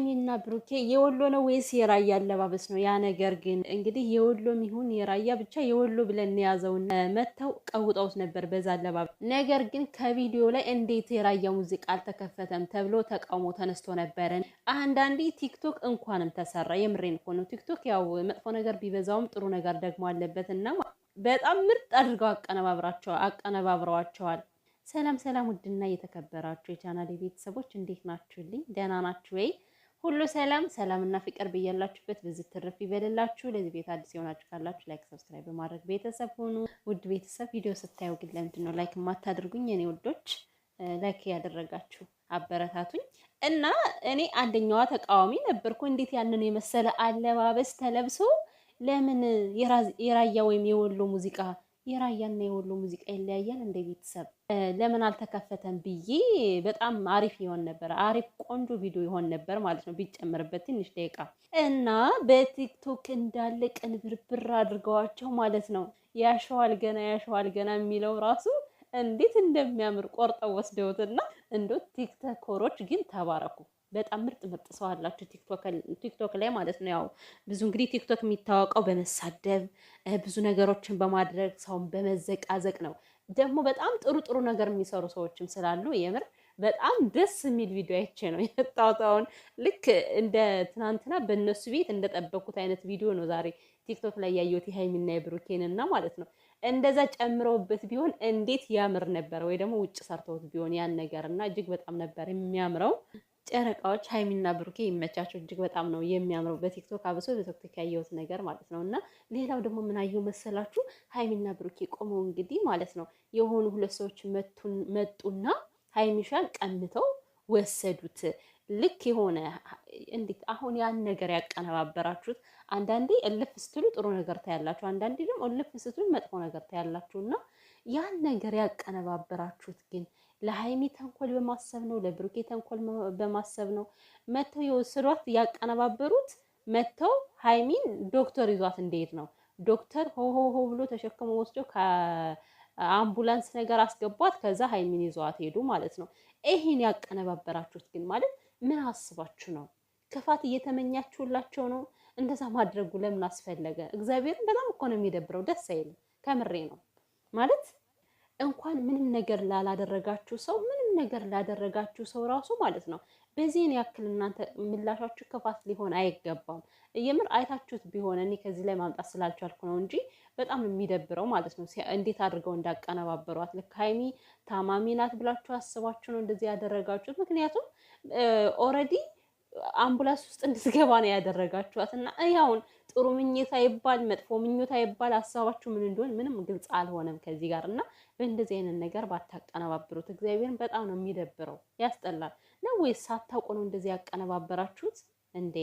ሀይሚና ብሩኬ የወሎ ነው ወይስ የራያ አለባበስ ነው? ያ ነገር ግን እንግዲህ የወሎም ይሁን የራያ ብቻ የወሎ ብለን የያዘውን መተው ቀውጠውት ነበር በዛ አለባበስ። ነገር ግን ከቪዲዮ ላይ እንዴት የራያ ሙዚቃ አልተከፈተም ተብሎ ተቃውሞ ተነስቶ ነበረ። አንዳንዴ ቲክቶክ እንኳንም ተሰራ። የምሬን እኮ ነው። ቲክቶክ ያው መጥፎ ነገር ቢበዛውም ጥሩ ነገር ደግሞ አለበት እና በጣም ምርጥ አድርገው አቀነባብረዋቸዋል። ሰላም ሰላም፣ ውድና የተከበራችሁ የቻናል ቤተሰቦች እንዴት ናችሁልኝ? ደህና ናችሁ ወይ? ሁሉ ሰላም ሰላም እና ፍቅር በያላችሁበት በዚህ ትርፍ ይበልላችሁ። ለዚህ ቤት አዲስ የሆናችሁ ካላችሁ ላይክ፣ ሰብስክራይብ በማድረግ ቤተሰብ ሆኑ። ውድ ቤተሰብ ቪዲዮ ስታዩ ግን ለምንድን ነው ላይክ የማታደርጉኝ? እኔ ውዶች ላይክ ያደረጋችሁ አበረታቱኝ እና እኔ አንደኛዋ ተቃዋሚ ነበርኩ። እንዴት ያንን የመሰለ አለባበስ ተለብሶ ለምን የራያ ወይም የወሎ ሙዚቃ የራያና የወሎ ሙዚቃ ይለያያል እንደ ቤተሰብ ለምን አልተከፈተም ብዬ በጣም አሪፍ ይሆን ነበር። አሪፍ ቆንጆ ቪዲዮ ይሆን ነበር ማለት ነው ቢጨምርበት ትንሽ ደቂቃ እና በቲክቶክ እንዳለ ቅንብርብር አድርገዋቸው ማለት ነው። ያሸዋል ገና ያሸዋል ገና የሚለው ራሱ እንዴት እንደሚያምር ቆርጠው ወስደውትና እንዶ ቲክቶኮሮች ግን ተባረኩ። በጣም ምርጥ ምርጥ ሰው አላችሁ ቲክቶክ ላይ ማለት ነው። ያው ብዙ እንግዲህ ቲክቶክ የሚታወቀው በመሳደብ ብዙ ነገሮችን በማድረግ ሰውን በመዘቃዘቅ ነው። ደግሞ በጣም ጥሩ ጥሩ ነገር የሚሰሩ ሰዎችም ስላሉ የምር በጣም ደስ የሚል ቪዲዮ አይቼ ነው የመጣሁት። አሁን ልክ እንደ ትናንትና በእነሱ ቤት እንደጠበኩት አይነት ቪዲዮ ነው ዛሬ ቲክቶክ ላይ ያየሁት የሀይሚና የብሩኬንና ማለት ነው። እንደዛ ጨምረውበት ቢሆን እንዴት ያምር ነበረ! ወይ ደግሞ ውጭ ሰርተውት ቢሆን ያን ነገር እና እጅግ በጣም ነበር የሚያምረው። ጨረቃዎች ሀይሚና ብሩኬ ይመቻቸው። እጅግ በጣም ነው የሚያምረው። በቲክቶክ አብሶ በቲክቶክ ያየሁት ነገር ማለት ነው። እና ሌላው ደግሞ ምን መሰላችሁ? ሀይሚና ብሩኬ ቆመው እንግዲህ ማለት ነው የሆኑ ሁለት ሰዎች መጡና ሀይሚሻን ቀምተው ወሰዱት። ልክ የሆነ እንዴት አሁን ያን ነገር ያቀነባበራችሁት። አንዳንዴ እልፍ ስትሉ ጥሩ ነገር ታያላችሁ፣ አንዳንዴ ደግሞ እልፍ ስትሉ መጥፎ ነገር ታያላችሁ። እና ያን ነገር ያቀነባበራችሁት ግን ለሀይሚ ተንኮል በማሰብ ነው፣ ለብሩኬ ተንኮል በማሰብ ነው። መተው የወሰዷት ያቀነባበሩት መተው ሀይሚን ዶክተር ይዟት እንዴት ነው ዶክተር ሆሆሆ ብሎ ተሸክሞ ወስዶ ከአምቡላንስ ነገር አስገቧት። ከዛ ሀይሚን ይዘዋት ሄዱ ማለት ነው። ይሄን ያቀነባበራችሁት ግን ማለት ምን አስባችሁ ነው? ክፋት እየተመኛችሁላቸው ነው? እንደዛ ማድረጉ ለምን አስፈለገ? እግዚአብሔርን በጣም እኮ ነው የሚደብረው። ደስ አይልም። ከምሬ ነው ማለት እንኳን ምንም ነገር ላላደረጋችሁ ሰው ምንም ነገር ላደረጋችሁ ሰው ራሱ ማለት ነው በዚህን ያክል እናንተ ምላሻችሁ ክፋት ሊሆን አይገባም። የምር አይታችሁት ቢሆን እኔ ከዚህ ላይ ማምጣት ስላልቻልኩ ነው እንጂ በጣም የሚደብረው ማለት ነው እንዴት አድርገው እንዳቀነባበሯት። ልክ ሀይሚ ታማሚ ናት ብላችሁ አስባችሁ ነው እንደዚህ ያደረጋችሁት። ምክንያቱም ኦልሬዲ አምቡላንስ ውስጥ እንድትገባ ነው ያደረጋችኋት። እና አሁን ጥሩ ምኞታ ይባል መጥፎ ምኞታ ይባል ሀሳባችሁ ምን እንደሆን ምንም ግልጽ አልሆነም ከዚህ ጋር እና በእንደዚህ አይነት ነገር ባታቀነባብሩት እግዚአብሔርን በጣም ነው የሚደብረው፣ ያስጠላል። ነው ወይስ ሳታውቁ ነው እንደዚህ ያቀነባበራችሁት እንዴ?